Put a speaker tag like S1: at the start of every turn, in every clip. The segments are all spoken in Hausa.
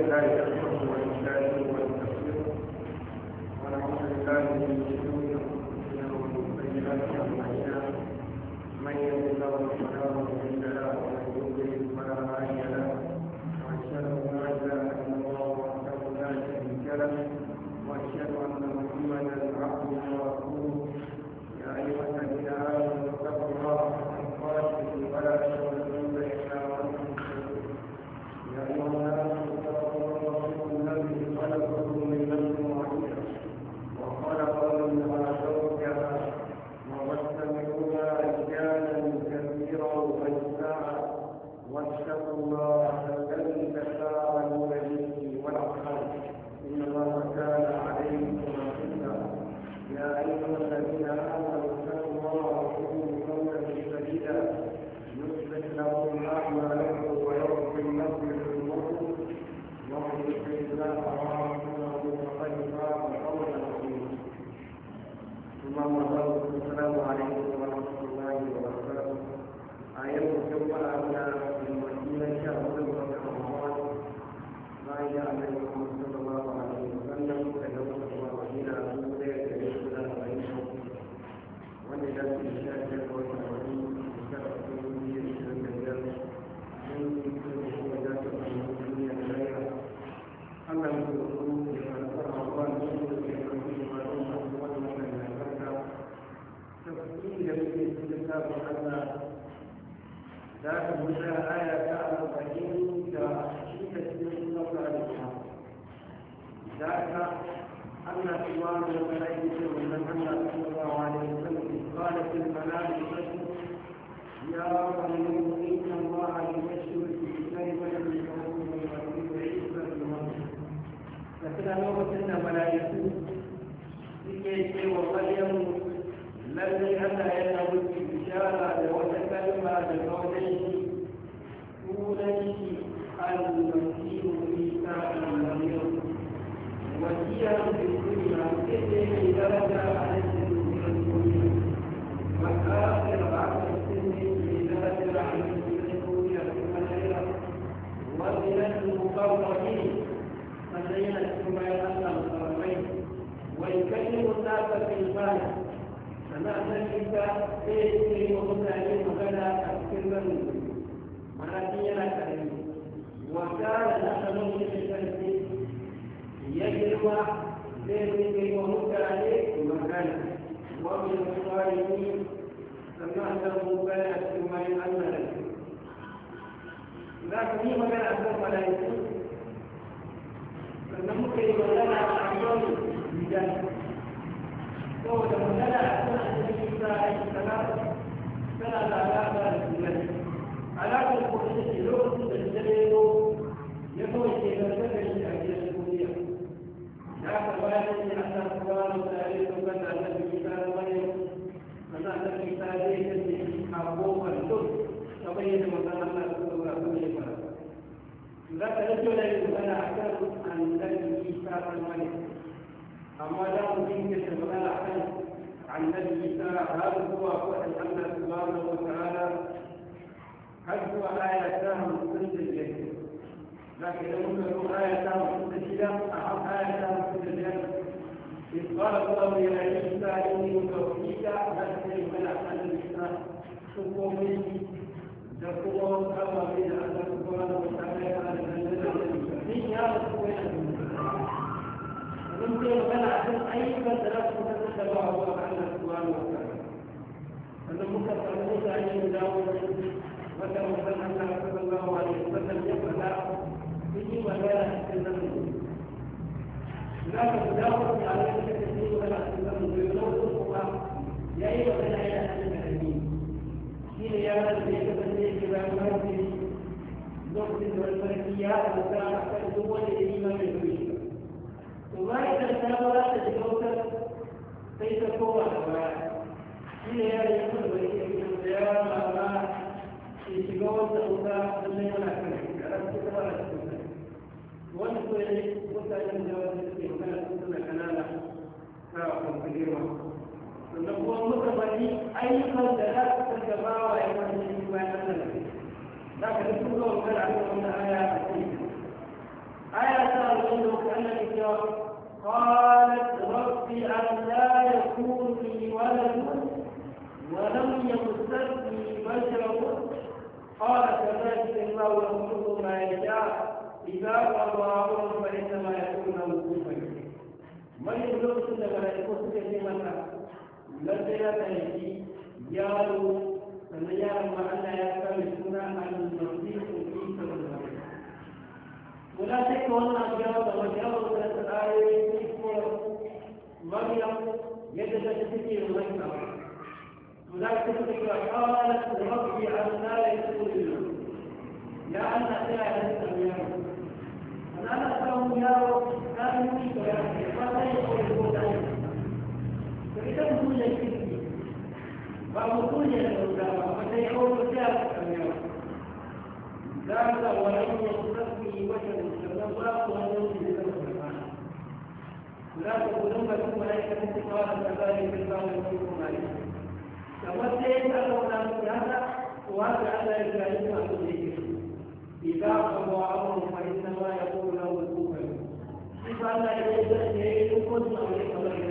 S1: الله يحفظه ويجاهده ويستغفره ونعوذ بالله من شرور انفسنا ومن سيئات اعمالنا الإسلام الرحيم من بين الحماية المسلمين ويكلم الناس في البال سمعنا النساء باسمه ومسلمين وبدا تكسيرا منادينا كريم وكان نحن من التنسيق يجرم باسمه ومسلمين مكانا ومن الصالحين سمعنا مبارك ثم يعلم za ka yi magana a kan mala'iku sannan muka yi magana a kan bidan saboda magana a kan annabi isa alaihi salam tana da alaƙa da sunan alaƙar ko ita ce lokacin da ta lero ya kawai ke zarta da shi a gidan duniya da aka bayar da Allah subhanahu wa ta'ala ya tabbata da annabi isa da Maryam sannan annabi isa zai kasance a goma ذاك رجلا يتبنى أحسن عن نبي عيسى الملك أما لا ممكن عن نبي عيسى هل هو فعل الله سبحانه وتعالى هل هو آية سهم سند الجنة لكن لم تكن آية سهم سند الجنة أحب آية سهم سند الجنة إذ قال الله يا عيسى إني متوفيك لا تكلمنا عن الإسلام تقوم به تقوم أما بين أن سبحانه وتعالى على الجنة من يعرف وين ممكن أن أحسن أي فترة تتبع الله سبحانه وتعالى أن مكتب موسى أن يداوم وكما قال أن صلى الله عليه وسلم يفعل به ولا يحسن لا تداوم على ذلك الدين ولا يحسن بيوم يا أيها الذين آمنوا حين يعلم بيتكم المسجد نقصد المسجد وساعة الدول الإمام الكبير وما إذا تناولت الكوثر فيتكون أبواب إلى هذا يقول القيامة ما يتجوز أوساع اللي أنا كنت عرفت ولا كنت ونقول قلت أن جواز الاستهلاك كنت كنانا فاعل كثيرا نقول متبني أيضا لا تتباوى يوم الإيمان أنا لكن يقول الله تعالى عليهم ان آية آية تعلمون أن الإجابة قالت ربي أن لا يكون لي ولد ولم يمسسني بشر قال كذلك الله يخلق ما يشاء إذا قضى أمرا فإنما يكون له كفوا من يخلق سنة ملائكته كثيرا لدي يديه يالو sannan yaron ma Allah ya sa mai suna al-masihu isa da zama
S2: wala sai ka wannan abu ya zama ya wata
S1: da ayoyi ne ko maryam yadda ta take yin wannan ولكن تلك قالت ربي عنا يقول يا أن لا يستمع أنا أسأل يا رب لا يمكنك يا رب فلا يقول فإذا هو يكفي ba mu kuje da wuta ba ba sai kawo wuta a kanya za mu ga wannan wata da ba ku wannan ne da kuma za ku gudun ba su mai kan cewa da zai yi ba mu kuma ne kamar sai ka zauna ku haka wa ga Allah ya yi ma ku ne إذا قضى أمر فإنما يقول له كفر. إذا لا يجوز أن يكون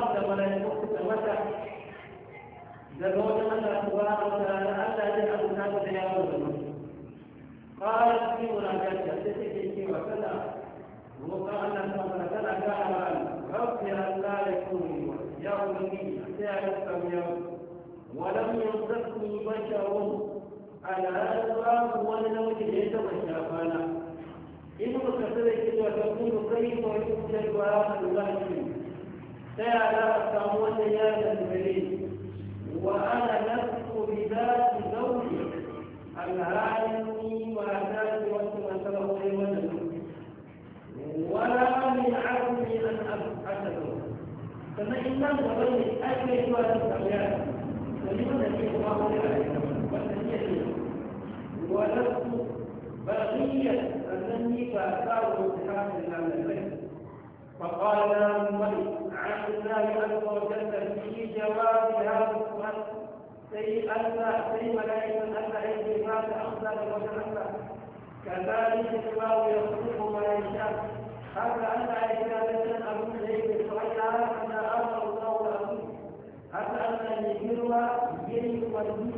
S1: samun da malaikun ta wata daga wajen Allah subhanahu wa ta'ala Allah ya abu na da yawo da mu qala fi munajata sai take cewa kana roƙa Allah subhanahu wa ta'ala ga Allah rabbi Allah ya kuni ya ubangiji sai ya samu ولم يمسكني بشر على أسرار ولا وجه يتمشى فانا إن كثرت وتكون كيف يؤجل وآخر الله فيا لا تسمون يا جبريل وأنا لست بذات زوجي العالمي وذات وسط سبق وجهه ولا من عزمي أن أبحثه فمن لم تبين أجل ولا فلمن فيه الله عليه ولست بغيا أنني فأثار امتحان العالمين فقال له مالك عن الله عز وجل في جواب هذا السؤال سي ألا سي ملائكة أن أيدي ما تأخذ وتأخذ كذلك الله يخلق ما يشاء حتى أن عبادة أبو زيد وإلى أن أمر الله له حتى أن الجن جن والجن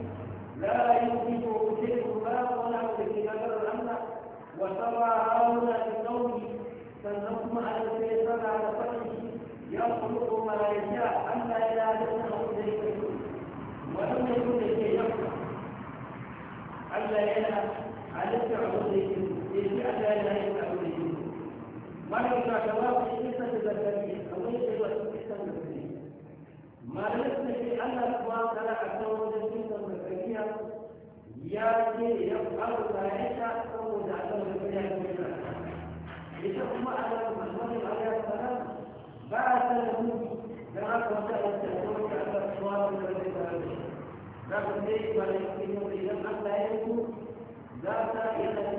S1: لا يمكن شيء ما صنعوا في بدر الأمر وسوى هؤلاء بقوله sannan kuma a yau sai sana da faɗi ya kuluku malaysia Allah ya lalata na abu da ya yi wani mai kun da ke yau Allah yana halitta abu da ya yi shi Allah ya lalata abu da ya yi wannan na gaba ku yi isa da zakari a wani shi ba su isa da zakari malamai sun ce Allah kuma kana a kan wajen isa da zakariya ya ce ya faru da ya sha saboda a kan zakariya لتقوم على المسلمين عليه السلام بعث له لغايه وسائل التلفون على الصواب الذي لكن ليس يمكن ان لا يكون ذات الى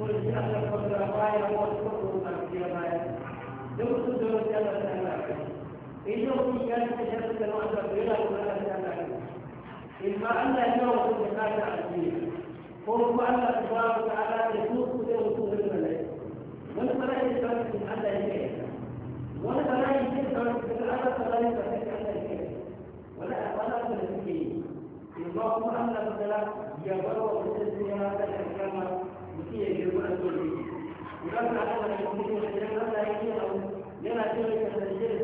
S1: كل شهر قدر بايا والكفر مرضي بايا لو تدر جل سلاك إنه في كانت جل سلاك بلا ولا سلاك إما أن اليوم بحاجة عزيزة قلت أن الله تعالى يسوق إلى وصول الملائكة والملائكة تركت من أن يكيد والملائكة تركت من أن تغير تركت أن يكيد ولا أخلاق المسكين اللهم أن الخلاق يبرر بالسلسلة الدنيا لما كان يقول لما يجيه لما يجيه تسجيل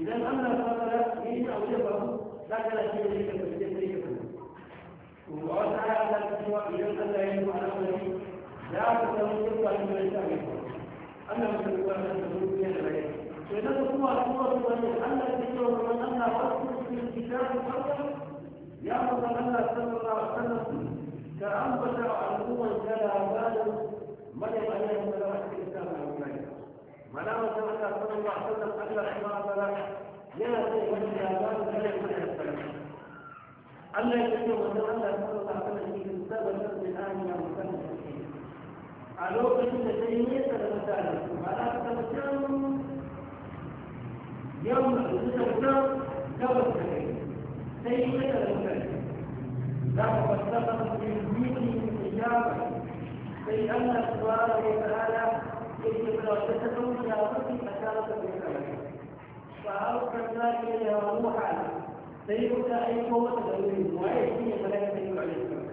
S1: إذا أما الفضل يجي أو يبعه لا لا شيء لك تسجيل وقال تعالى على السواء إذا ألا يجب على أمره لا تسلم يبقى من الإسلام أما من الإسلام تسلم بين العلم فإذا تقوى الصورة أن الذكر من أن رأسه في الكتاب فقط ya maza nana sanar da sanar su ga an bata a al'ummar da labarin manyan ayyukan da za su ta mai wuya mana maza nana sanar da sanar da allah shi ma bala yana da yi wani labarin da ya fara ya fara allah ya fi wanda allah ta zama ta nake yin sabon da zai na yi na musamman da ke a lokacin da zai yi ta da mutane ba za ta taɓa can yau da su ta gudan gabas da kai زي كده المثال لا مبسطة للدين إجابة زي سبحانه وتعالى استغراقتهم إلى وقت أشارة بالكلام فأرسلنا إلى روحا سيدك أي قوة تدعوهم ويأتي ملائكة عليه السلام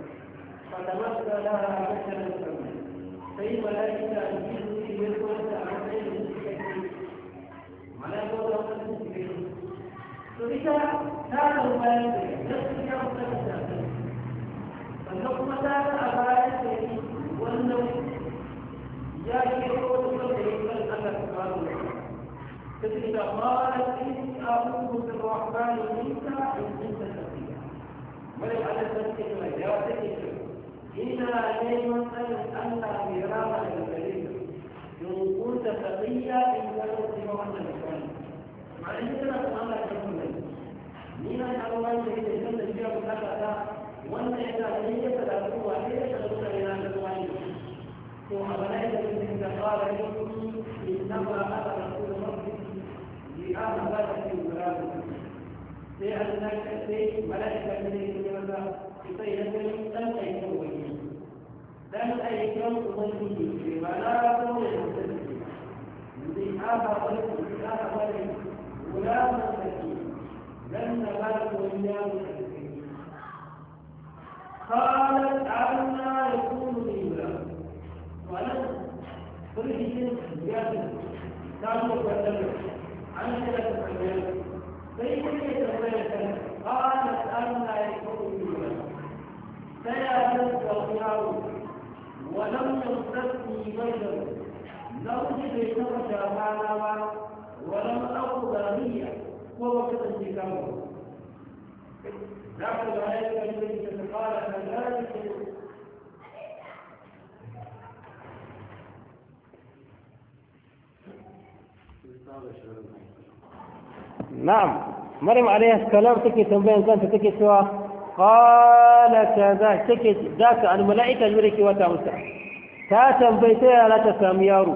S1: فتمثل لها بشرا سميا سيد ملائكة أن فإذا قالت إني أعوذ بالرحمن منك إن كنت تقيا ولو أنا تسكت مجالسك إنا دائما أن ميراث الكريم إن كنت تقيا إن كنت مهنا بكم مع أنك أنا أتمنى ni na ta ba da yake san da cewa ku kasa ta wannan yana da yake da kuwa ne da kuma yana da kuwa ne to abana da kun da fara ne ku inna ma ala rasul rabbi li ahbati gurabu sai Allah ka sai malaika ne ke maka sai ya ga dan kai ko wani dan kai ko wani ne ba na ko ne da shi ne ahbati gurabu لن تبالغ إياه قالت عنا يكون لي ولد ولد قلت جاهز كانوا يتكلمون عن ثلاثة أيام فإن يتكلم قالت أنا يكون لي ولد فيأتت وخياره ولم يصدقني بشر لو جئت شرك مالها ولم أقضى بي ko ba kasance kanmu za ku ga ayyukan da ke ta fara na'am maryam alayhi take tambayan kanta take cewa qala kaza take wata musa ta tambayi ta yara ta sami yaro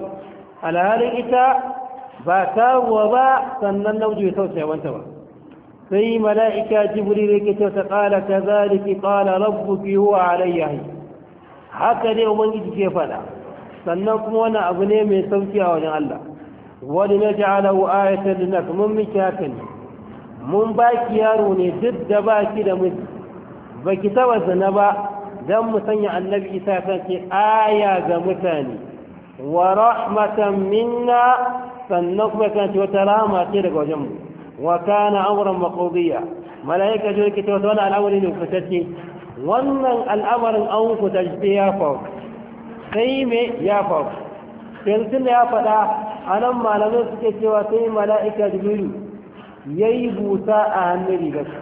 S1: alhalin ita ba karuwa ba sannan namiji ya tausaya wanta ba sai mala'ika jibril yake ce ta qala kadhalika rabu rabbuki huwa alayya haka ne ubangiji ke faɗa. sannan kuma wani abu ne mai sauki a wajen Allah wani na ayatar da linnas mun miki haka ne mun baki yaro ne duk da baki da Ba ki taba zina ba Don mu sanya annabi isa kan ce aya ga mutane wa rahmatan minna sannan kuma kan ce wata rama ce daga wajen mu wa kana amran maqdiya malaika ji ke wata wani al'amari ne fitacce wannan al'amarin an fitacce ya faru sai me ya faru yanzu ya faɗa a nan malamai suke cewa sai mala'ika jibiru ya yi busa a hannun rigarsa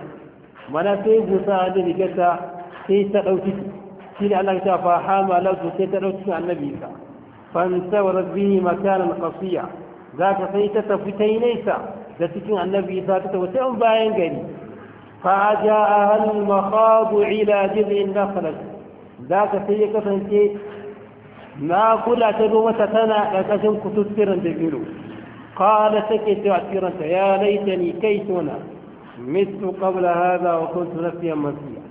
S1: mana sai busa a hannun rigarsa sai ta ɗauki shi ne allah ta fa hama lautu sai ta ɗauki annabi ka fanta wa rabbi makanan qasiya za ka sai ta tafi ta yi nesa da cikin annabi isa ta tafi can bayan gari fa ja a hannun makhadu ila jirgin nafalar za ka sai ya kasance na kula ta zo mata tana ƙarƙashin kututturen da biro قال سكت عسيرة يا ليتني كيتنا مت قبل هذا وكنت نسيا منسيا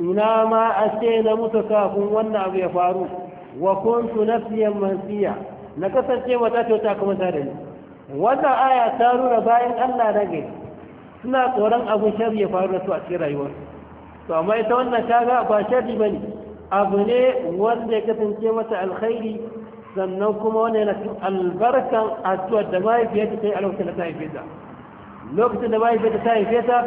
S1: إنا ما أتينا متكاف وانا أبي فاروق وكنت نسيا منسيا نكسر ta وتاتي وتاكم ثاني wannan aya ta nuna bayan Allah na gari suna tsoron abin shari ya faru da su a cikin rayuwar to amma ita wannan kaga ba shari ba ne abu ne wanda ya kasance mata alkhairi sannan kuma wani yana cikin albarkan addu'ar da mahaifiyarta ta yi a lokacin da ta haife ta lokacin da mahaifiyarta ta haife ta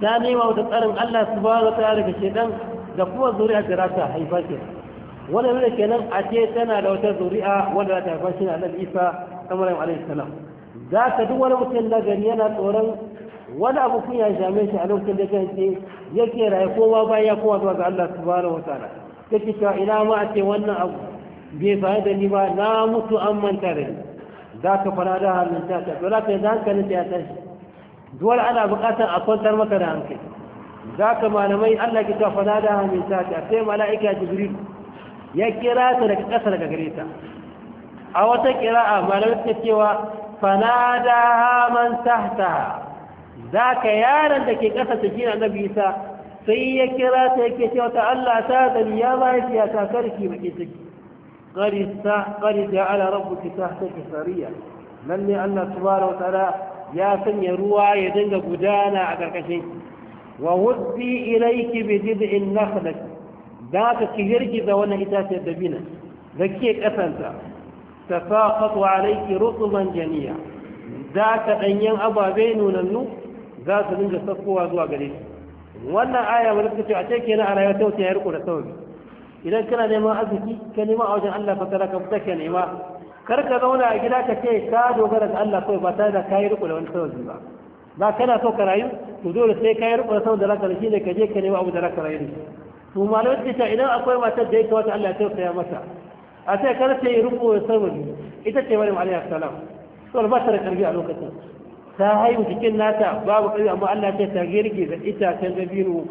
S1: ta nema wata tsarin Allah subhanahu wa ta daga shedan da kuma zuri'a da za ta haifa ke wannan ne kenan a ce tana da wata zuri'a wanda za ta haifa shi na Annabi Isa ibrahim alaihi salam za ka duk wani mutum na gani yana tsoron wani abu kun ya shame shi a lokacin da kance yake raye kowa bayan ya kowa zuwa ga Allah subhanahu wataala yake cewa ina ma a ce wannan abu bai faru da ni ba na mutu an manta da ni za ka fara da hannun ta ta dole ka yi hankalin ta ya tashi duwar ana buƙatar a kwantar maka da hankali za ka malamai Allah ki ta fara da hannun ta ta sai mala'ika jibril ya kira ta daga ƙasa daga gare ta a wata kira'a malar ta cewa fanada haman tahta za ka yaran da ke ƙasa ta shi na bisa? sai ya kira ta yake cewa ta Allah ta zani ya bayar ya ta karki baki ciki ƙari ta ala rabu ki ta ta kisariya lalle Allah subhanahu wa ta'ala ya sanya ruwa ya dinga gudana a ƙarƙashin wa wuddi ilayki bi jid'in nakhlati da ka ki girgiza wannan itaciyar dabina da ke ƙasanta تساقط عليك رطبا جنيا ذاك دنيان ababe nunannu za su dinga sakkowa zuwa gare shi wannan aya wani suka ce a ce kenan a rayuwar tauta ya riko da sauri idan kana neman arziki ka nema a wajen Allah fatara ka fita ka nema kar ka zauna a gida ka ce ka dogara ga Allah kawai ba tare da ka yi riko da wani sauri ba ba kana so ka rayu to dole sai ka yi riko da sauri da raka shi ne ka je ka nema abu da raka rayu to malamai ce idan akwai matar da ya kawata Allah ya tausaya mata a sai kar ta yi riko ya ita ce maryam alaihi salam to ba ta da karbi a lokacin ta haihu cikin nata babu karbi amma Allah ya ta girgi da ita ta dabino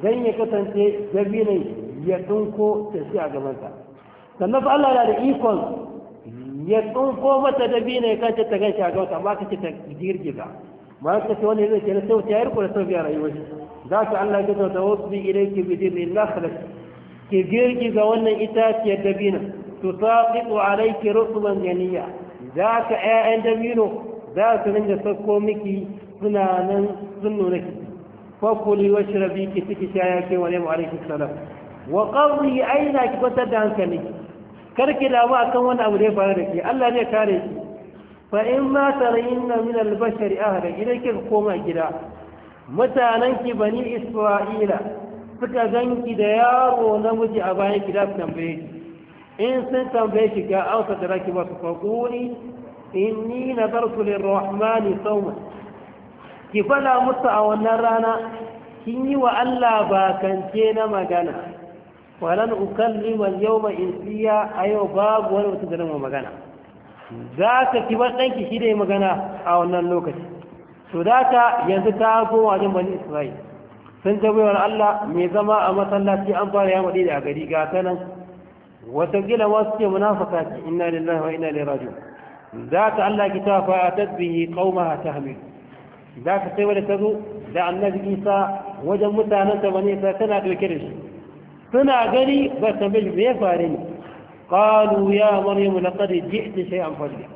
S1: dan ya kasance dabinin ya dunko ta shi a gaban ta sannan fa Allah yana da ikon ya dunko mata dabino ya kace ta gaishe a gaban sa amma kace ta girgiza ma kace wani zai ce na sai ta riko da sauki a rayuwar shi za ka Allah ya ta wasu ilayki bi dinillah ki girgiza wannan itaciyar dabinan tusaqitu alayki rutuban janiya za ka ƴaƴan dabino za su ringa sakko miki suna nan sun nuna ki fakuli wa shirabi ki ciki shaya ke wa nemu alaihi salam wa qarri aina ki kwatar da hankali kar ki damu kan wani abu da ya faru da ke Allah ne kare ki fa in ma tarayinna min al-bashari ahada idan kika koma gida mutanen ki bani isra'ila suka ganki da yaro namiji a bayan gida su tambaye ki in sun tambaye shi ga an sadaraki ba su faƙuri inni na zartulin rahmani sauma ki fada musu a wannan rana kin yi wa Allah bakance na magana walan ukalliman yau in siya a yau babu wani mutum da magana za ka ki bar ɗanki shi da magana a wannan lokaci to da ka yanzu ta koma wajen bani isra'il sun tabbayar Allah mai zama a masallaci an fara yamma da a gari ga sanan watakila wasu ce munafaka ce inna lillahi wa inna ilaihi za ta Allah ki ta fa'a atat bihi qaumaha tahmil za ka sai wani ta zo da annabi Isa wajen mutanen ta bane ta tana dauke da shi suna gani ba ta bi me ya fare ni qalu ya maryam laqad ji'ti shay'an fadila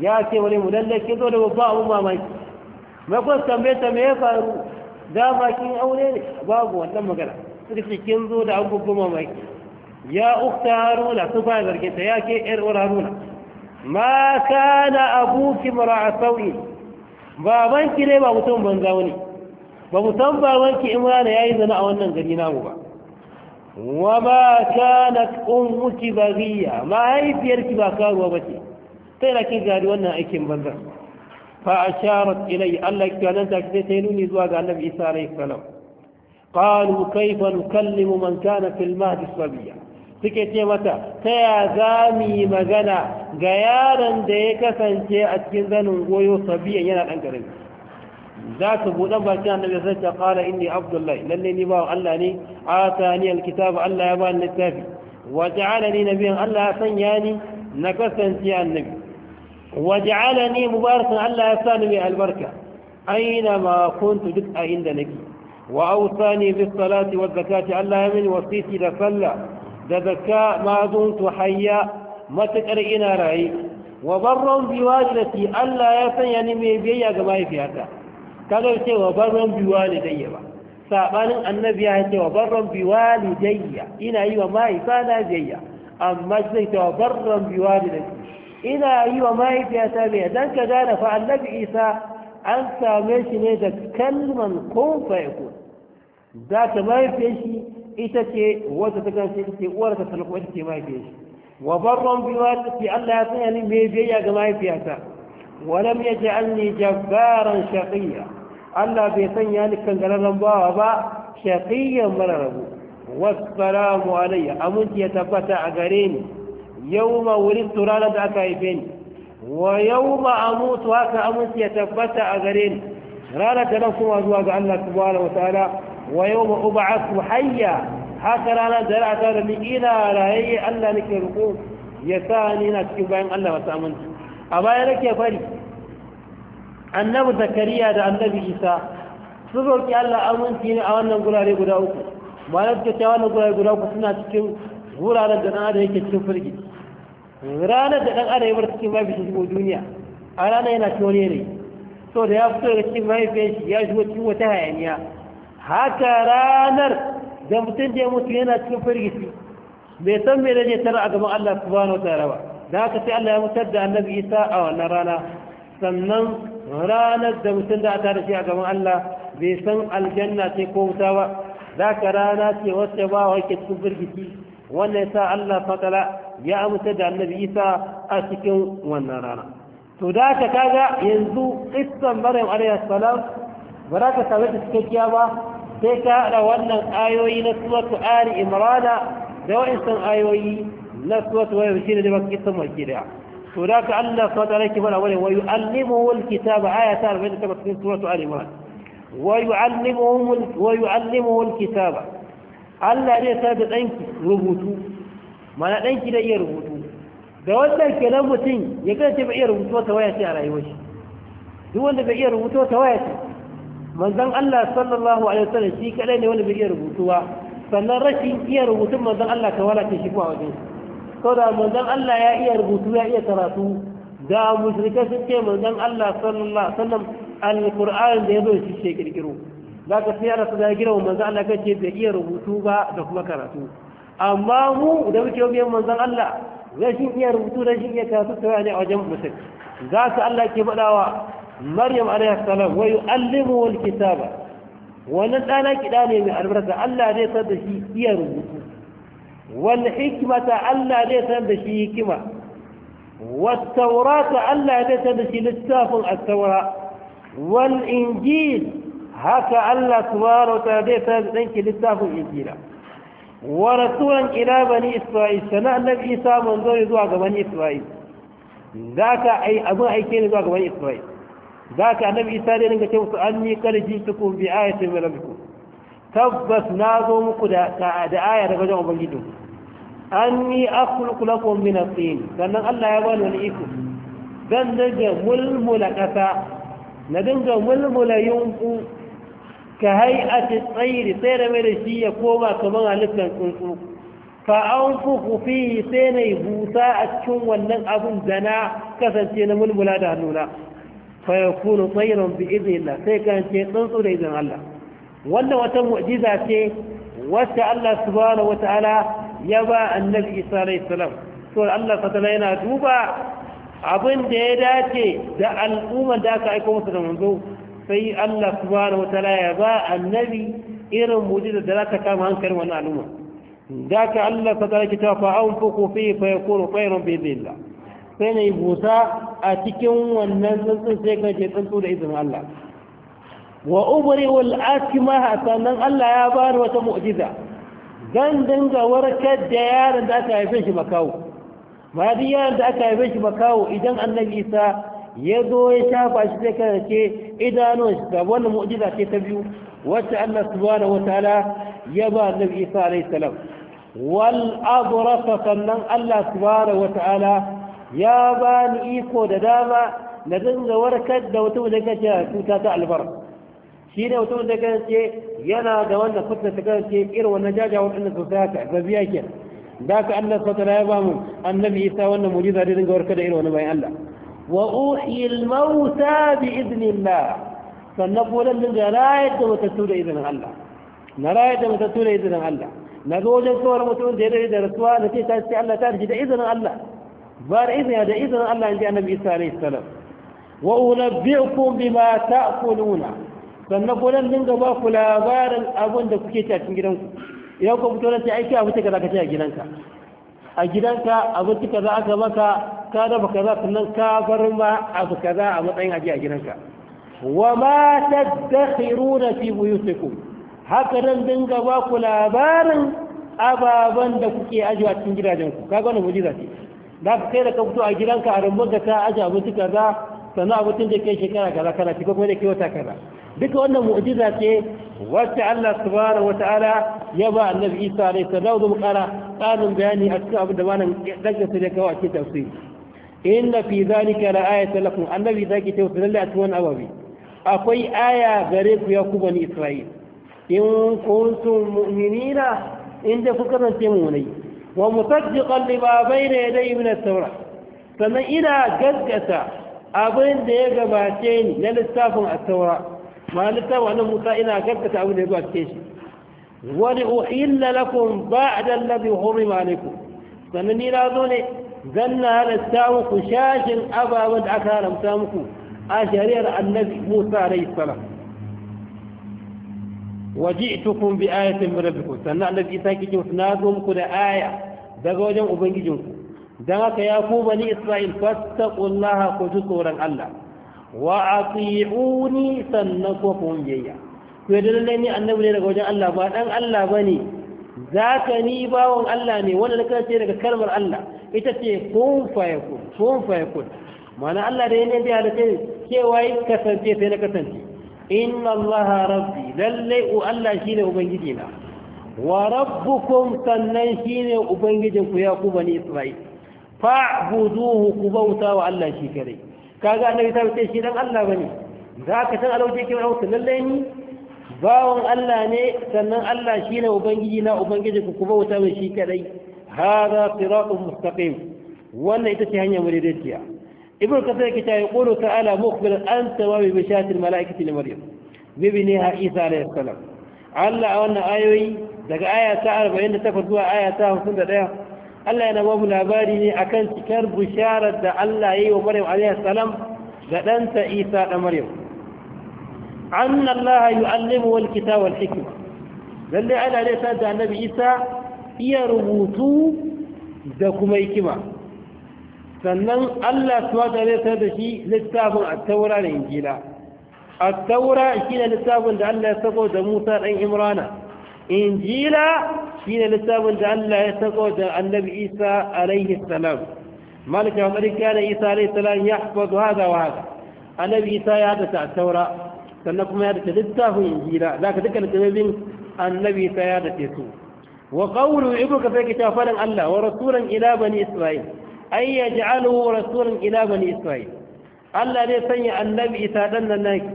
S1: ya ce wani mu lalle ki zo da babba abu mamaki mai kuma tambaye ta me ya faru da kin aure ne babu wannan magana suka ce kin zo da abubuwan mamaki ya ukta haruna su fara ta, ya ke ‘yar'uwar haruna ma ka na abuki mara a sau'i babanki ne ba mutum banza wani ba mutum babanki imrana ya yi zana a wannan gari namu ba wa ma ka na ƙunmuki bariya mahaifiyarki ba karuwa ba ce sai na kin gari wannan aikin banza a Allah ta فأشارت إلي الله كانت أكتتينوني زواج النبي إيسى عليه السلام قالوا كيف نكلم من كان في المهد الصبية suke ce mata ta ya za mu yi magana ga yaron da ya kasance a cikin zanin goyo sabiyan yana ɗan ƙarami za ta buɗe bakin annabi sai ta fara inni abdullahi lalle ni ba Allah ne atani alkitabu Allah ya ba ni littafi wa ja'alani nabiyyan Allah ya sanya ni na kasance annabi wa ja'alani mubarakan Allah ya sani mai albarka aina ma kuntu duk a inda nake wa awsani bis salati waz zakati Allah ya mini wasiti da sallah da zakka ma su hayya matakar ina raye wa barran bi Allah ya sanya ni mai biyayya ga mahaifiyata kaga ce wa barran bi ba sabanin annabi ya ce wa barran bi ina yi wa na biyayya amma sai ta wa barran ina yi wa mahaifiyata biyayya dan ka gane fa annabi Isa an same shi ne da kalman kun fa yakun za ta mahaifiyar shi ita ce wata ta gansu ita ce uwar ta talko ita ce mahaifiyar shi wa barron biwa ta ce Allah ya sanya ni mai biyayya ga mahaifiyata wa lam yaj'alni jabbaran shaqiyya Allah bai sanya ni kangararren bawa ba shaqiyyan mara rabu wassalamu alayya aminci ya tabbata a gare ni yawma wulidtu ranar da aka haife ni wa yawma amutu haka aminci ya tabbata a gare ni ranar da nan kuma zuwa ga Allah subhanahu wa ta'ala wa yau ma uba aku hayya haka rana da ra'a ta da ni ina rayayye Allah nake roƙo ya sa ni na cikin bayan Allah masu aminci a baya nake fari annabi zakariya da annabi isa su roƙi Allah aminci ne a wannan gurare guda uku malar ta ce wannan gurare guda uku suna cikin guraren da ɗan adam yake cikin firgi ranar da ɗan adam ya bar cikin mafi shigo duniya a ranar yana cikin ne. so da ya fito daga cikin mahaifiyar shi ya shigo cikin wata hayaniya haka ranar da mutum ya mutu yana cikin firgici bai san mai rage tara a gaban Allah bano ta'ala ba da haka sai Allah ya mutar da annabi Isa a wannan rana sannan ranar da mutum da aka shi a gaban Allah bai san aljanna sai ko wuta ba da haka rana ce wacce ba wa ke cikin firgici wannan yasa Allah fatala ya mutar da annabi Isa a cikin wannan rana to da haka kaga yanzu qissan Maryam alayhi salam ba za ka same ta cikakkiya ba sai ka haɗa wannan ayoyi na suwatu ali imrana da wa'insan ayoyi na suwatu wani shi ne da baki sun maki da to da ka allah suwa ta rake mana wani wayu allimuhu alkitaba aya ta arba'in da takwas cikin suwatu ali imran wayu allimuhu alkitaba allah ne sa da ɗanki rubutu mana ɗanki da iya rubutu da wannan kenan mutum ya kasance bai iya rubutu ta waya ce a rayuwar shi duk wanda bai iya rubutu ta waya ce Manzan Allah sallallahu alaihi wasallam shi kadai ne wani bai iya rubutu ba sannan rashin iya rubutun manzan Allah ta wala shi shigo a wajen da manzan Allah ya iya rubutu ya iya karatu da mushrike sun ce manzan Allah sallallahu alaihi wasallam alquran da ya yazo shi ce kirkiro zaka sai Allah ta gira wa manzon Allah ce bai iya rubutu ba da kuma karatu amma mu da muke biyan manzan Allah rashin iya rubutu rashin iya karatu ta ne wajen musulmi za su Allah ke faɗawa maryam alaihi salam wa yu'allimuhu kitaba wannan dana kida ne mai albarka Allah zai san da shi iya rubutu wal hikmata Allah zai san da shi hikima wat tawrata Allah zai san da shi littafin at-taura wal injil haka Allah subhanahu wa ta'ala zai san da shi littafin injila isra'il إلى بني إسرائيل سنة النبي إسا منظر يزوى بني إسرائيل ذاك أي أبو أي zuwa يزوى بني isra'il. za ka annabi isa ne dinga ce musu an yi karfi bi ayatin mai tabbas na zo muku da aya daga wajen ubangiji an yi akulku lakum min atsin sannan Allah ya bani wani iko zan dinga mulmula kasa na dinga mulmula yunku ka hay'ati tsayri sai da mai da shi ya koma kamar halittar tsuntsu fa an fi fihi sai na yi busa a cikin wannan abun da na kasance na mulmula da hannuna fa yakunu tayran bi idhnillah sai kan ce tsuntsu da izinin Allah wannan wata mu'jiza ce wacce Allah subhanahu wata'ala ya ba annabi Isa alayhi salam to Allah fatala yana duba abin da ya dace da al'umma da aka aika musu da manzo sai Allah subhanahu wata'ala ya ba annabi irin mu'jiza da zaka kama hankalin wannan al'umma ذاك الله فتلك فأنفقوا فيه فيكون طير بإذن الله sai na yi busa a cikin wannan tsuntsun sai kan ce tsuntsu da izinin Allah wa ubri wal akima sannan Allah ya bani wata mu'jiza zan dinga warkar da yaron da aka haife shi makawo ma yaron da aka haife shi makawo idan annabi isa ya zo ya shafa shi sai kan ce idanun shi wannan mu'jiza ce ta biyu wacce Allah subhanahu wataala ya ba annabi isa alayhi salam wal abrasa sannan Allah subhanahu wataala ya ba ni iko da dama na dinga warkar da mutum da kace cuta ta albar shi ne mutum da kace yana da wannan fitna ta kace irin wannan jaja wannan sosai haka zabiya ke da ka Allah ta ya ba mu annabi Isa wannan mu'jiza da dinga warkar da irin wannan bayan Allah wa uhi al-mauta bi idnillah sannan ko dan dinga rayar da mutum da izinin Allah na rayar da mutum da izinin Allah na ga wajen kowar mutum da ya da rasuwa na ce ta ce Allah ta riji da izinin Allah ba da izini da izinin Allah in ji annabi Isa alaihi salam wa unabbi'ukum bima ta'kuluna sannan ko nan dinga ba ku labarin abin da kuke ci a cikin gidanku idan ku fito nan sai aiki abin kaza ka ci a gidanka a gidanka abin kaza aka maka ka dafa kaza sannan ka bar ma abu kaza a matsayin aji a gidanka wa ma tadakhiruna fi buyutikum haka nan dinga ba ku labarin ababen da kuke ajiwa cikin gidajenku kaga wannan mujiza ce da ka kai da ka fito a gidanka a rumbun ka ta aji abinci kaza sannan abincin da ke shekara kaza kana ci kuma da ke wata kaza duka wannan mu'jiza ce wacce Allah wata wata'ala ya ba annabi Isa alaihi salam da mukara tsarin bayani a cikin abin da malam daga su da kawo a cikin tafsiri inna fi zalika la ayatan lakum annabi zaki ce wata lalle a cikin ababi akwai aya gare ku ya ku bani Isra'il in kuntum mu'minina inda ku mu'minai wa musaddiqan lima bayna yadayhi min at-taura sannan ina gaskata abin da ya gabace ni na littafin at-taura ma littafin annabi Musa ina gaskata abin da ya gabace shi wa li uhilla lakum ba'da alladhi hurima alaykum sannan ni na zo ne zan na ababen da aka haramta muku a shari'ar annabi Musa alayhi waji'tukum bi ayatin min rabbikum sannan annabi Isa yake cewa na zo muku da aya daga wajen ku. dan haka ya ku bani Isra'il fastaqullaha ku ji tsoron Allah wa ati'uni sannan ku kun yayya ku da lalle ni annabi ne daga wajen Allah ba dan Allah bane zaka ni bawon Allah ne wanda na kace daga kalmar Allah ita ce kun fa yakun kun fa yakun Allah da yanayin da ya halatta cewa kasance sai na kasance inna allaha rabbi lalle u Allah shine ubangiji na wa rabbukum sannan shine ubangijin ku ya ku bani isra'il fa'buduhu ku bauta wa Allah shi kare kaga annabi ta ce shi dan Allah bane zaka san alauce ki bauta lalle ni bawon Allah ne sannan Allah shine ubangiji na ubangiji ku ku bauta mai shi kare hada siratun mustaqim wannan ita ce hanya mu daidaiciya ibn kasar yake ta yaqulu ta'ala mukhbiran an tawabi bishatil malaikati li maryam bi biniha isa alayhi salam Allah a wannan ayoyi daga aya ta 48 zuwa aya ta 51 Allah yana bamu labari ne akan cikar bisharar da Allah yayi wa Maryam alayhi salam ga ɗanta Isa da Maryam anna Allah yu'allimu al-kitaba wal hikma lalle Allah ne sa da annabi Isa iya rubutu da kuma hikima sannan Allah suwata zai sanar da shi littafin attaura da injila attaura shi ne littafin da Allah ya sako da Musa ɗan Imrana injila shi ne littafin da Allah ya sako da annabi Isa alaihi salam malika wa malika da Isa alaihi salam ya hafazu haza wa hada annabi Isa ya haddasa attaura sannan kuma ya haddasa littafin injila za ka duka littafin annabi Isa ya haddasa su wa qawlu ibnu kafai kita fadan Allah wa rasulan ila bani Isra'il an yi ji aluhu rasulun ila bani isra'il allah zai sanya annabi isa ɗan nan naki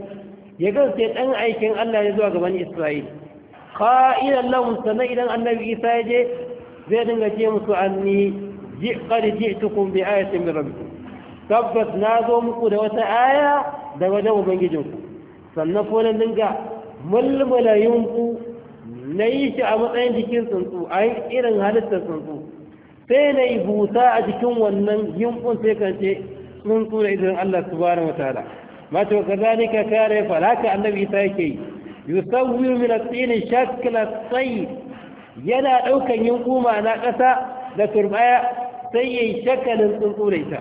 S1: ya gansa ɗan aikin allah ya zuwa ga bani isra'il ƙa'ilan lahun sannan idan annabi isa ya je zai dinga ce musu anni qad ji'tukum bi ayatun bi rabi. tabbas na zo muku da wata aya da wajen ubangijinku sannan ko na dinga mulmula yunku na yi shi a matsayin jikin tsuntsu a yin irin halittar tsuntsu sai na yi busa a cikin wannan yimfin sai kan ce sun tsura izinin Allah subhanahu wa ma to kazalika kare fa haka annabi ta yake yi yusawwiru min at-tin shakla at yana daukan yinkuma na kasa da turbaya sai yayi shakalin tsuntsura ita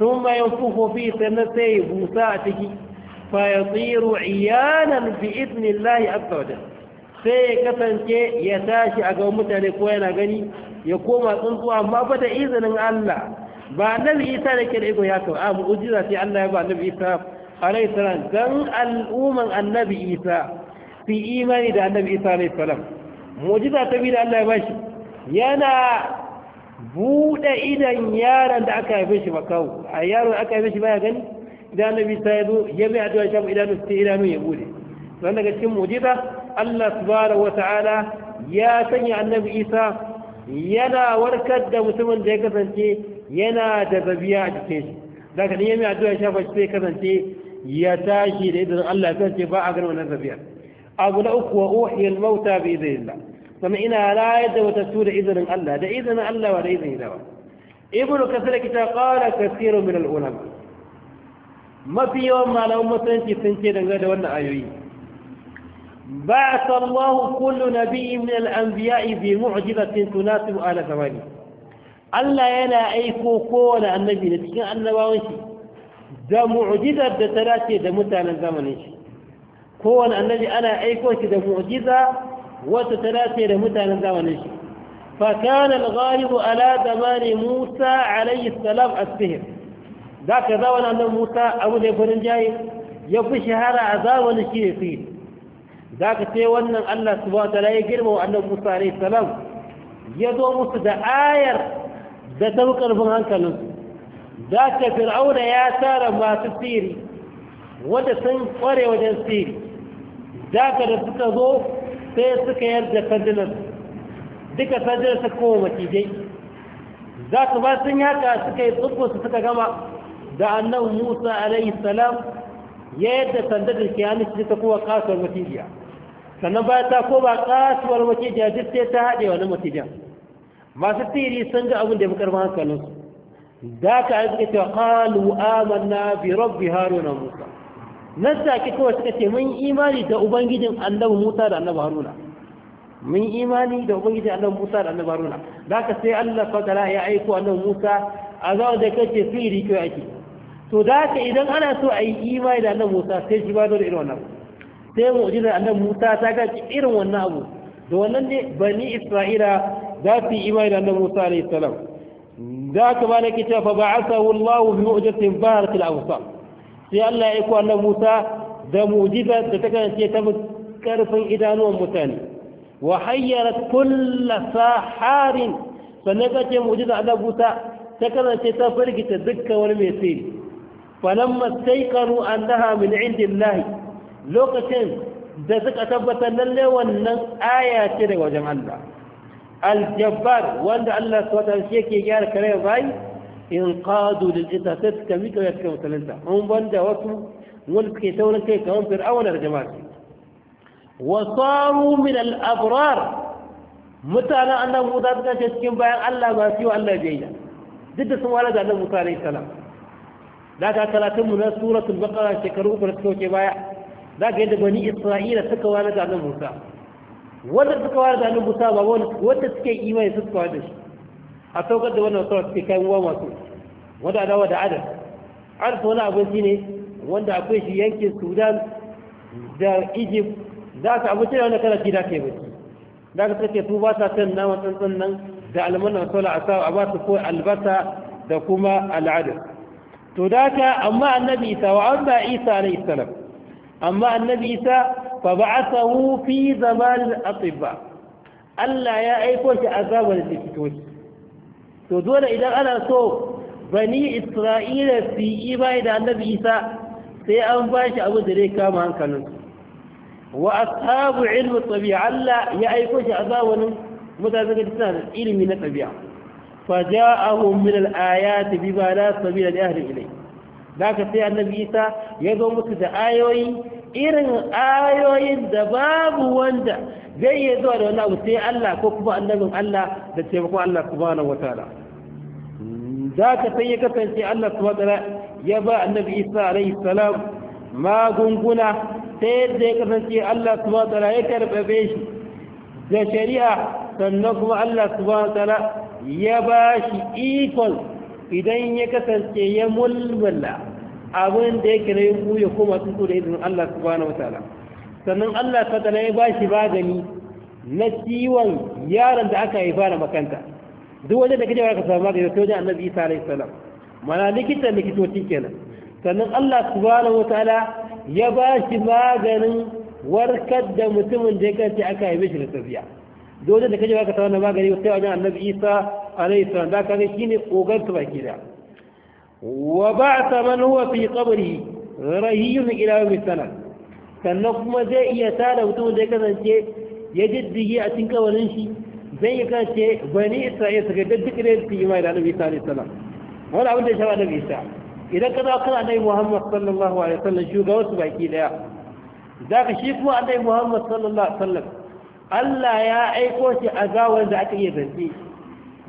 S1: thumma yanfuhu fi sannan sai busa a ciki fa yatiru iyanan bi idnillahi azza wa sai ya kasance ya tashi a ga mutane ko yana gani ya koma tsuntsu amma ba da izinin Allah ba nabi isa da ke da iko ya kawo a mu'ujiza sai Allah ya ba nabi isa alaihi salam dan al'umman annabi isa fi imani da annabi isa alaihi salam mu'ujiza ta bi da Allah ya bashi yana buɗe idan yaron da aka haife shi makawo a yaron da aka haife shi baya gani idan annabi isa ya zo ya mai addu'a shafa idanu sai idanu ya bude don daga cikin mu'ujiza Allah subhanahu wata'ala ya sanya annabi isa yana warkar da mutumin da ya kasance yana da zabiya a cikin shi da ka nemi addu'a ya shafa sai kasance ya tashi da idan Allah ya kasance ba a gani wannan zabiya abu na uku wa uhiyar mauta bi idhnillah sannan ina rayar da matattu da izinin Allah da izinin Allah ba da izinin da ba ibnu da kita qala kaseerun min al mafi yawan malaman musulunci sun ce dangane da wannan ayoyi بعث الله كل نبي من الأنبياء بمعجزة تناسب آل زمانه Allah yana aiko kowane annabi da cikin annabawan shi da da ta dace da mutanen zamanin shi kowane annabi ana aiko shi da mu'jiza wata ta dace da mutanen zamanin shi fa kana al ala zamani Musa alayhi salam as Musa abu farin jayi ya shahara a zamanin shi za ka wannan Allah subhanahu wataala ya girma wa annabi Musa alayhi salam ya zo musu da ayar da ta karfin hankalin za ka fir'auna ya tara masu siri wanda sun kware wajen siri za ka da suka zo sai suka yarda sandunan duka sandunan su koma matijai za ka ba sun yaka suka yi tsukunsu suka gama da annabi Musa alayhi salam ya yadda sandunan ke hannun shi ta kowa kasuwar matijiya sannan bayan ta ko ba kasuwar macijiya duk sai ta haɗe wani macijiyan masu tiri sun ga abin da ya fi karfin hankalinsu da ka yi suka ce kalu amanna bi rabbi haruna musa nan ke kawai suka ce mun imani da ubangijin annabi musa da annabi haruna mun imani da ubangijin annabi musa da annabi haruna da ka sai allah fagala ya aiko annabi musa a zaman da kace sirri kyau ake to da ka idan ana so a yi imani da annabi musa sai shi ba da irin wannan sai mu'jizar annabi Musa ta ga irin wannan abu da wannan ne bani Isra'ila za su yi imani da annabi Musa alayhi salam da ka ba na kita fa ba'athahu Allah bi mu'jizatin baharat al-awsam sai Allah ya aiko annabi Musa da mu'jizar da ta kasance ta karfin idanuwan mutane wa hayyarat kulla saharin sannan ka ce mu'jiza annabi Musa ta kasance ta firgita dukkan wani mai sirri falamma staiqanu annaha min indillahi lokacin da suka tabbatar lalle wannan aya ce daga wajen Allah aljabbar wanda Allah subhanahu shi yake gyara kare bai in qadu lil ita sai suka mika ya suka musulunta mun banda wasu wanda suke taurin kai kamar fir'auna da jama'a wa saru min al abrar mutanen annabi Musa suka ce cikin bayan Allah ba su yi Allah biyayya duk da sun wala da annabi Musa alaihi salam da ka karatun mu na suratul baqara shekaru uku da suka baya za ka yadda bani isra'ila suka wani da annabi musa wanda suka wani da annabi musa ba wanda suke imani suka wani da shi a saukar da wannan sauran suke kai ruwa masu wadda adawa da adam arz wani abinci ne wanda akwai shi yankin sudan da egypt za ka abinci da wani kala gida ke baki za ka sake su ba sa kan nama tsantsan nan da almanar sola a sawa a ba su ko albasa da kuma al'adar to da ka amma annabi isa wa an ba isa alaihi salam amma annabi isa fa ba'athahu fi zamanil atibba Allah ya aiko shi a da likitoci to dole idan ana so bani isra'ila su yi imani da annabi isa sai an ba shi abu da zai kama hankalin wa ashabu ilmi tabi'a Allah ya aiko shi a zamanin mutane da da ilimi na tabi'a fa ja'ahum min al-ayati bima la sabila li ahli ilayhi da ka sai annabi isa ya zo musu da ayoyi irin ayoyin da babu wanda zai iya zuwa da wani abu sai Allah ko kuma annabin Allah da taimakon Allah subhanahu wataala za ka sai ya kasance Allah subhanahu wataala ya ba annabi isa alaihi salam magunguna ta yadda ya kasance Allah subhanahu ya karɓe shi da shari'a sannan kuma Allah subhanahu ya ba shi ikon idan ya kasance ya mulmula abin da yake na yin ya koma tsuntsu da izinin Allah subhanahu wataala sannan Allah ta'ala ya shi magani na ciwon yaron da aka haifa na makanta duk wajen da kaje ka samu magani ta wajen Annabi Isa alaihi salam mana likitan likitocin kenan sannan Allah subhanahu wataala ya ba shi maganin warkar da mutumin da ya kace aka haife shi da tafiya dole da kaje baka ta wannan magani sai wajen annabi isa alayhi salam da kaje shine kogar ta baki da wa ba'ta man huwa fi qabri rahiyun ila yawm sana sannan kuma zai iya tada mutum da ya kasance ya jiddige a cikin kawarin shi zai ya kace bani isra'ila suka daddike da su imani da annabi isa alayhi salam wani abin da ya shafa annabi isa idan ka zaka kana annabi muhammad sallallahu alaihi wasallam shugaba su baki daya zaka shi kuma annabi muhammad sallallahu alaihi wasallam Allah ya aiko shi a gawar da aka iya zance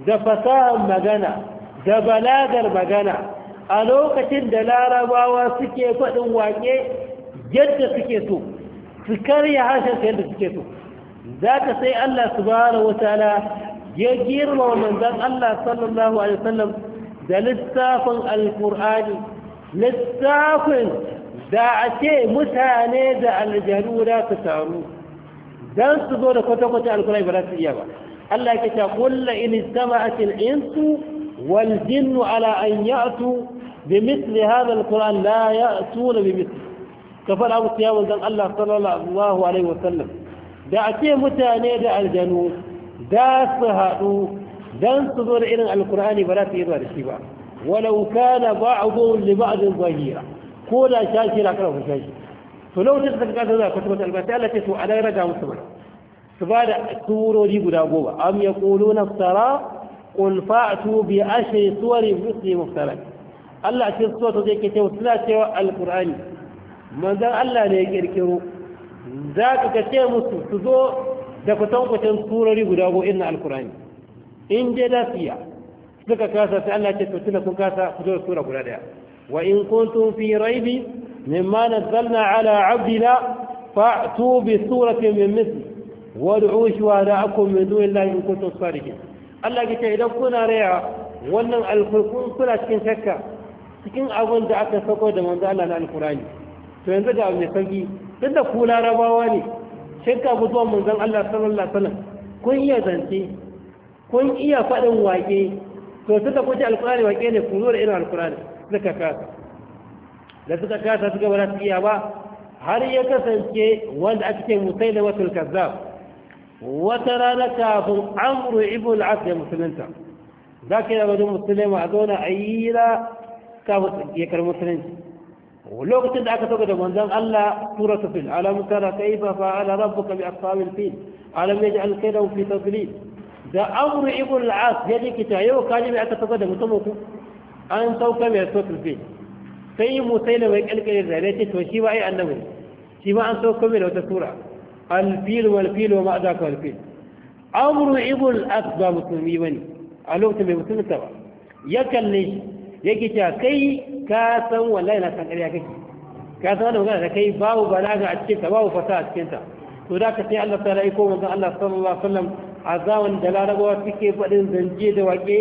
S1: da fasahar magana da balagar magana a lokacin da larabawa suke faɗin waƙe yadda suke so su karya harshen yadda suke so za ka sai Allah subhanahu wa ta'ala ya girma wa Allah sallallahu alaihi wasallam da littafin alkur'ani littafin da a ce mutane da aljanu za su taru dan su zo da kwata-kwata alkurani ba za su iya ba Allah yake cewa kullu in istama'at al-insu wal jinnu ala an ya'tu bi mithli hadha al-quran la ya'tuna bi mithli ka fara musu ya manzon Allah sallallahu alaihi wasallam da ake mutane da aljanu da su haɗu dan su zo da irin alkurani ba za su iya zuwa da shi ba walau kana ba'dhu li ba'dhin zahira ko da shashi na karfa shashi to lokacin da suka kasa zuwa kwata-kwata albashi Allah ce to a dai raga musu mana su ba da turori guda goma am ya kulu na tsara a tu bi ashe suwari musu yi muftara Allah ce su to zai ke cewa suna cewa alƙur'ani manzan Allah ne ya ƙirƙiro za ka kace musu su zo da kwatankwacin turori guda goma inna alƙur'ani in je da siya suka kasa sai Allah ce to tuna kun kasa ku zo da sura guda daya wa in kuntum fi raibi مما نزلنا على عبدنا فأتوا بسورة من مثل وادعوا شهداءكم من دون الله إن كنتم صادقين Allah ke ce idan kuna raya wannan alkurkun kuna cikin shakka cikin abin da aka sako da manzo Allah na alkurani to yanzu ga mai sauki duk da ku larabawa ne shakka mutuwa manzon Allah sallallahu alaihi wasallam kun iya zance kun iya faɗin waƙe to tunda kuke alkurani waƙe ne ku zo da irin alkurani suka kasa da suka kasa suka ba su ba har ya kasance wanda ake ce musai da wasu kazzab wata rana kafin amru ibn al-as ya musulunta za ka yi wajen musulma a zauna a yi ra kafin ya musulunci lokacin da aka sauka da manzon Allah suratul fil alam tara kayfa fa'ala rabbuka bi ashabil fil alam yaj'al kaydahum fi tadlil da amru ibn al-as ya dikita yau kaji aka sauka da mutumin ku an sauka mai suratul fil sai musailama kalkalin da ya ce to shi ba ai annabi ne shi ba an so kome da wata sura alfil wal fil wa ma adaka wal fil amru ibul asba musulmi bane a lokacin musulmi ta ba ya kalle shi yake cewa kai ka san wallahi na san ƙarya kake ka san wannan magana da kai babu balaga a cikin ta babu fasaha a cikin ta to da ka sai Allah ta'ala ra'ayi ko manzon Allah sallallahu alaihi wasallam azawan da larabawa suke faɗin zanje da waƙe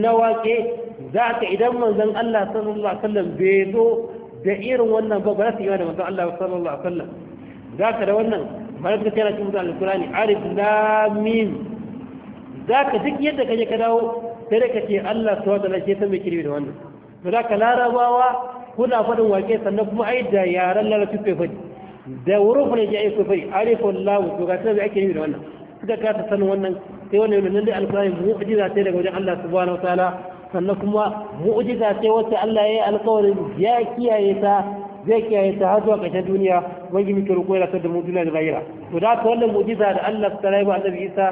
S1: na waƙe da ka idan manzon Allah sallallahu alaihi wasallam bai zo da irin wannan ba ba za su yi da manzon Allah sallallahu alaihi wasallam za ka da wannan malaka tana cikin mutum alkurani arif lamim za ka duk yadda kaje ka dawo sai da kace Allah subhanahu wa ta'ala ke san me kirbi da wannan to za ka larabawa kuna fadin wake sannan kuma ai da yaran larabci kai fadi da wurin ne ji ai kai fadi arif lahu to ga sai ake yi da wannan suka kasa sanin wannan sai wannan ne lalle alkurani mu'jiza ce daga wajen Allah subhanahu wa ta'ala sannan kuma mu'jiza ce wacce Allah ya yi alkawarin ya kiyaye ta zai kiyaye ta har zuwa ƙarshen duniya wani muke roƙo ta da mu duniya da lahira to da haka wannan mu'jiza da Allah ta rayu annabi Isa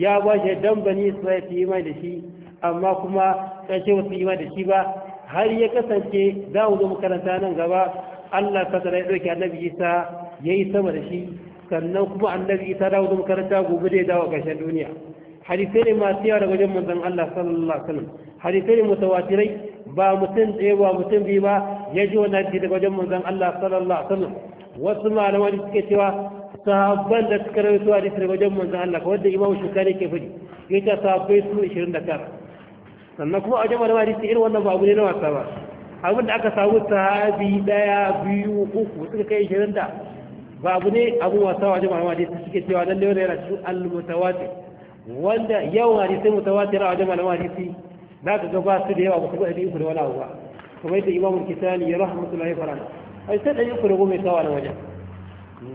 S1: ya ba shi dan bani Isra'ila su yi mai da shi amma kuma ƙarshe wasu yi mai da shi ba har ya kasance za mu zo karanta nan gaba Allah ta rayu ɗauki annabi Isa ya yi sama da shi sannan kuma annabi Isa da zo makaranta gobe da ya dawo ƙarshen duniya hadisai ne masu yawa daga wajen manzon Allah sallallahu alaihi wasallam hadisai ne mutawatirai ba mutum ɗaya ba mutum biyu ba ya ji wannan hadisi daga wajen manzon Allah sallallahu alaihi wasallam wasu malaman suke cewa sahabban da suka rawaito hadisi daga wajen manzon Allah ko wanda imamu shukari ke fadi yace sahabbai su 29 sannan kuma a jama'a hadisi irin wannan ba abu ne na wasa ba abin da aka samu sahabi daya biyu uku suka kai ishirin da ba abu ne abu wasa wa jama'a hadisi suke cewa lalle wannan yana cikin al-mutawatir wanda yawan hadisi mutawatir a jama'a hadisi za ka gaba su da yawa ba su ga ɗari uku da wani abu ba kuma yadda imamun kisani ya rahama su lahi farana ai sai ɗari uku da goma ya sawa na wajen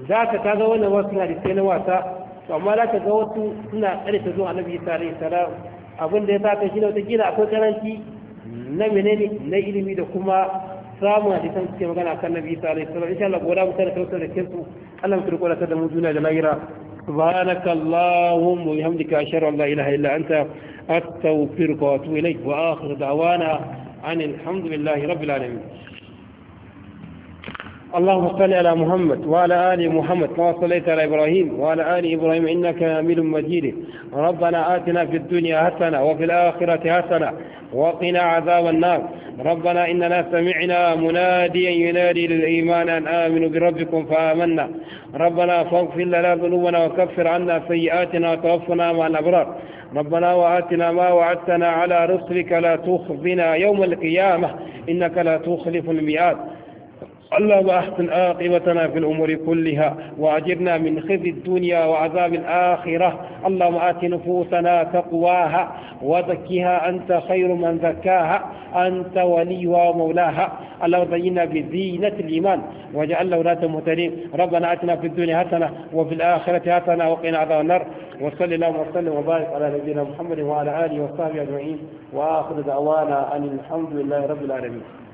S1: za ka ta ga wannan wasu suna da sai na wasa to amma za ka ga wasu suna ƙarfe zuwa annabi isa alaihi salam abin da ya sa kai shi ne wataƙila akwai karanci na menene na ilimi da kuma samun hadisan suke magana kan nabi isa alaihi salam insha Allah goda mu kada kautar da kinsu Allah ku rikola da mu duniya da lahira subhanakallahumma wa bihamdika ashhadu an la ilaha illa anta التوفيق واتوب إليك وآخر دعوانا عن الحمد لله رب العالمين اللهم صل على محمد وعلى آل محمد كما صليت على إبراهيم وعلى آل إبراهيم إنك حميد مجيد ربنا آتنا في الدنيا حسنة وفي الآخرة حسنة وقنا عذاب النار ربنا إننا سمعنا مناديا ينادي للإيمان أن آمنوا بربكم فآمنا ربنا فاغفر لنا ذنوبنا وكفر عنا سيئاتنا وتوفنا مع الأبرار ربنا وآتنا ما وعدتنا على رسلك لا تخزنا يوم القيامة إنك لا تخلف الميعاد اللهم أحسن عاقبتنا في الأمور كلها وأجرنا من خزي الدنيا وعذاب الآخرة اللهم آت نفوسنا تقواها وزكها أنت خير من زكاها أنت وليها ومولاها اللهم زينا بزينة الإيمان واجعلنا ولاة مهتدين ربنا آتنا في الدنيا حسنة وفي الآخرة حسنة وقنا عذاب النار وصلى اللهم وسلم وبارك على نبينا محمد وعلى آله وصحبه أجمعين وآخر دعوانا أن الحمد لله رب العالمين